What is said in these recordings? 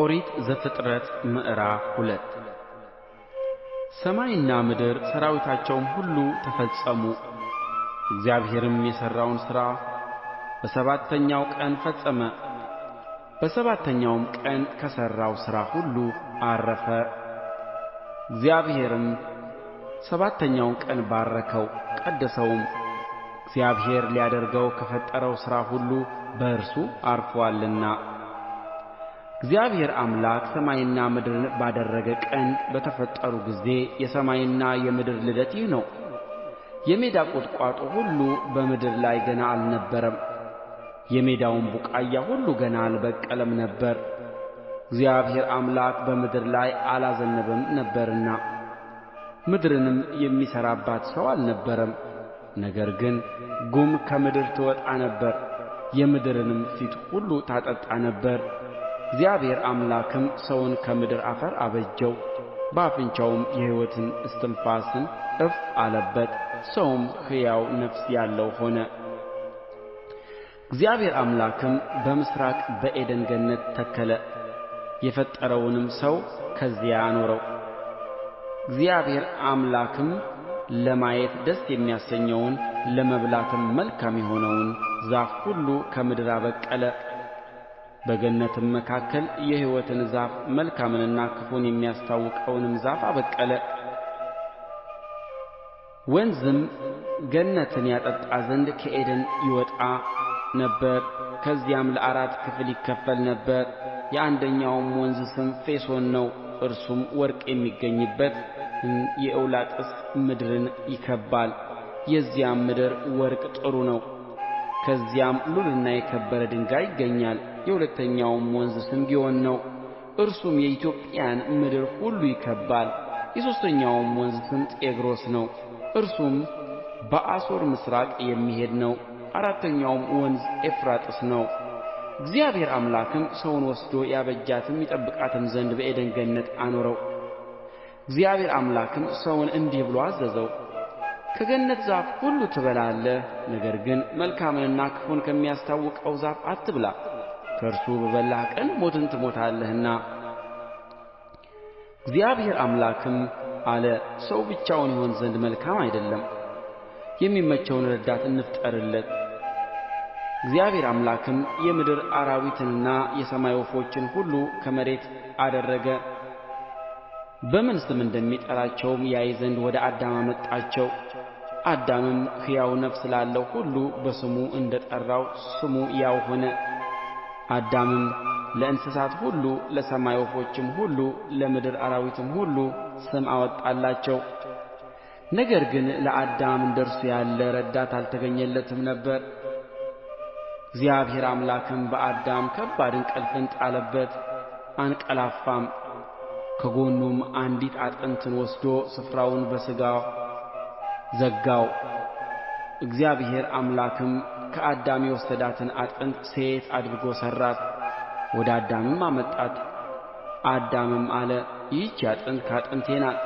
ኦሪት ዘፍጥረት ምዕራፍ ሁለት ሰማይና ምድር ሠራዊታቸውም ሁሉ ተፈጸሙ። እግዚአብሔርም የሠራውን ሥራ በሰባተኛው ቀን ፈጸመ። በሰባተኛውም ቀን ከሠራው ሥራ ሁሉ አረፈ። እግዚአብሔርም ሰባተኛውን ቀን ባረከው፣ ቀደሰውም። እግዚአብሔር ሊያደርገው ከፈጠረው ሥራ ሁሉ በእርሱ ዐርፎአልና እግዚአብሔር አምላክ ሰማይንና ምድርን ባደረገ ቀን በተፈጠሩ ጊዜ የሰማይና የምድር ልደት ይህ ነው የሜዳ ቁጥቋጦ ሁሉ በምድር ላይ ገና አልነበረም የሜዳውም ቡቃያ ሁሉ ገና አልበቀለም ነበር እግዚአብሔር አምላክ በምድር ላይ አላዘነበም ነበርና ምድርንም የሚሠራባት ሰው አልነበረም ነገር ግን ጉም ከምድር ትወጣ ነበር የምድርንም ፊት ሁሉ ታጠጣ ነበር እግዚአብሔር አምላክም ሰውን ከምድር አፈር አበጀው፣ በአፍንጫውም የሕይወትን እስትንፋስን እፍ አለበት። ሰውም ሕያው ነፍስ ያለው ሆነ። እግዚአብሔር አምላክም በምሥራቅ በዔድን ገነት ተከለ፣ የፈጠረውንም ሰው ከዚያ አኖረው። እግዚአብሔር አምላክም ለማየት ደስ የሚያሰኘውን ለመብላትም መልካም የሆነውን ዛፍ ሁሉ ከምድር አበቀለ። በገነትም መካከል የሕይወትን ዛፍ መልካምንና ክፉን የሚያስታውቀውንም ዛፍ አበቀለ ወንዝም ገነትን ያጠጣ ዘንድ ከዔድን ይወጣ ነበር ከዚያም ለአራት ክፍል ይከፈል ነበር የአንደኛውም ወንዝ ስም ፌሶን ነው እርሱም ወርቅ የሚገኝበት የኤውላጥስ ምድርን ይከብባል የዚያም ምድር ወርቅ ጥሩ ነው ከዚያም ሉልና የከበረ ድንጋይ ይገኛል የሁለተኛውም ወንዝ ስም ግዮን ነው እርሱም የኢትዮጵያን ምድር ሁሉ ይከብባል የሦስተኛውም ወንዝ ስም ጤግሮስ ነው እርሱም በአሦር ምሥራቅ የሚሄድ ነው አራተኛውም ወንዝ ኤፍራጥስ ነው እግዚአብሔር አምላክም ሰውን ወስዶ ያበጃትም ይጠብቃትም ዘንድ በዔድን ገነት አኖረው እግዚአብሔር አምላክም ሰውን እንዲህ ብሎ አዘዘው ከገነት ዛፍ ሁሉ ትበላለህ ነገር ግን መልካምንና ክፉን ከሚያስታውቀው ዛፍ አትብላ ከእርሱ በበላህ ቀን ሞትን ትሞታለህና እግዚአብሔር አምላክም አለ ሰው ብቻውን ይሆን ዘንድ መልካም አይደለም የሚመቸውን ረዳት እንፍጠርለት እግዚአብሔር አምላክም የምድር አራዊትንና የሰማይ ወፎችን ሁሉ ከመሬት አደረገ በምን ስም እንደሚጠራቸውም ያይ ዘንድ ወደ አዳም አመጣቸው አዳምም ሕያው ነፍስ ላለው ሁሉ በስሙ እንደ ጠራው ስሙ ያው ሆነ አዳምም ለእንስሳት ሁሉ ለሰማይ ወፎችም ሁሉ ለምድር አራዊትም ሁሉ ስም አወጣላቸው ነገር ግን ለአዳም እንደ እርሱ ያለ ረዳት አልተገኘለትም ነበር እግዚአብሔር አምላክም በአዳም ከባድ እንቅልፍን ጣለበት አንቀላፋም ከጎኑም አንዲት አጥንትን ወስዶ ስፍራውን በሥጋ ዘጋው እግዚአብሔር አምላክም ከአዳም የወሰዳትን አጥንት ሴት አድርጎ ሠራት ወደ አዳምም አመጣት አዳምም አለ ይህች አጥንት ከአጥንቴ ናት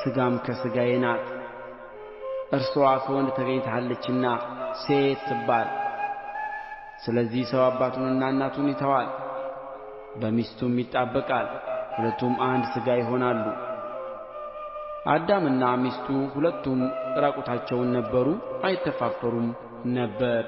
ሥጋም ከሥጋዬ ናት እርስዋ ከወንድ ተገኝታለችና ሴት ትባል ስለዚህ ሰው አባቱንና እናቱን ይተዋል በሚስቱም ይጣበቃል ሁለቱም አንድ ሥጋ ይሆናሉ አዳምና ሚስቱ ሁለቱም ዕራቁታቸውን ነበሩ አይተፋፈሩም ነበር